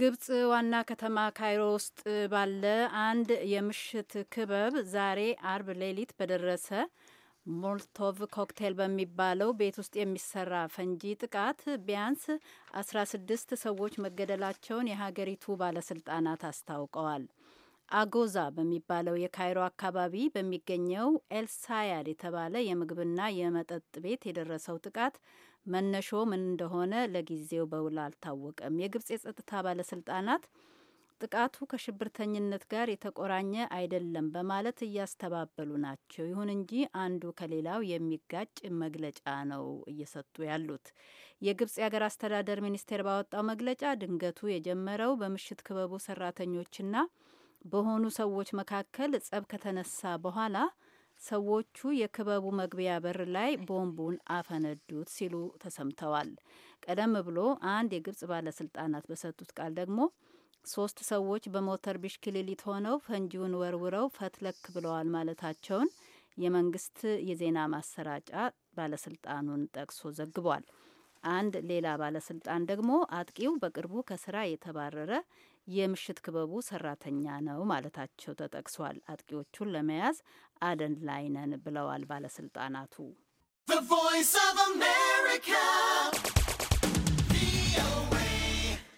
ግብጽ ዋና ከተማ ካይሮ ውስጥ ባለ አንድ የምሽት ክበብ ዛሬ አርብ ሌሊት በደረሰ ሞልቶቭ ኮክቴል በሚባለው ቤት ውስጥ የሚሰራ ፈንጂ ጥቃት ቢያንስ 16 ሰዎች መገደላቸውን የሀገሪቱ ባለስልጣናት አስታውቀዋል። አጎዛ በሚባለው የካይሮ አካባቢ በሚገኘው ኤልሳያድ የተባለ የምግብና የመጠጥ ቤት የደረሰው ጥቃት መነሾ ምን እንደሆነ ለጊዜው በውል አልታወቀም። የግብጽ የጸጥታ ባለስልጣናት ጥቃቱ ከሽብርተኝነት ጋር የተቆራኘ አይደለም በማለት እያስተባበሉ ናቸው። ይሁን እንጂ አንዱ ከሌላው የሚጋጭ መግለጫ ነው እየሰጡ ያሉት። የግብጽ የሀገር አስተዳደር ሚኒስቴር ባወጣው መግለጫ ድንገቱ የጀመረው በምሽት ክበቡ ሰራተኞችና በሆኑ ሰዎች መካከል ጸብ ከተነሳ በኋላ ሰዎቹ የክበቡ መግቢያ በር ላይ ቦምቡን አፈነዱት ሲሉ ተሰምተዋል። ቀደም ብሎ አንድ የግብጽ ባለስልጣናት በሰጡት ቃል ደግሞ ሶስት ሰዎች በሞተር ቢሽክሌሊት ሆነው ፈንጂውን ወርውረው ፈትለክ ብለዋል ማለታቸውን የመንግስት የዜና ማሰራጫ ባለስልጣኑን ጠቅሶ ዘግቧል። አንድ ሌላ ባለስልጣን ደግሞ አጥቂው በቅርቡ ከስራ የተባረረ የምሽት ክበቡ ሰራተኛ ነው ማለታቸው ተጠቅሷል። አጥቂዎቹን ለመያዝ አደን ላይ ነን ብለዋል ባለስልጣናቱ።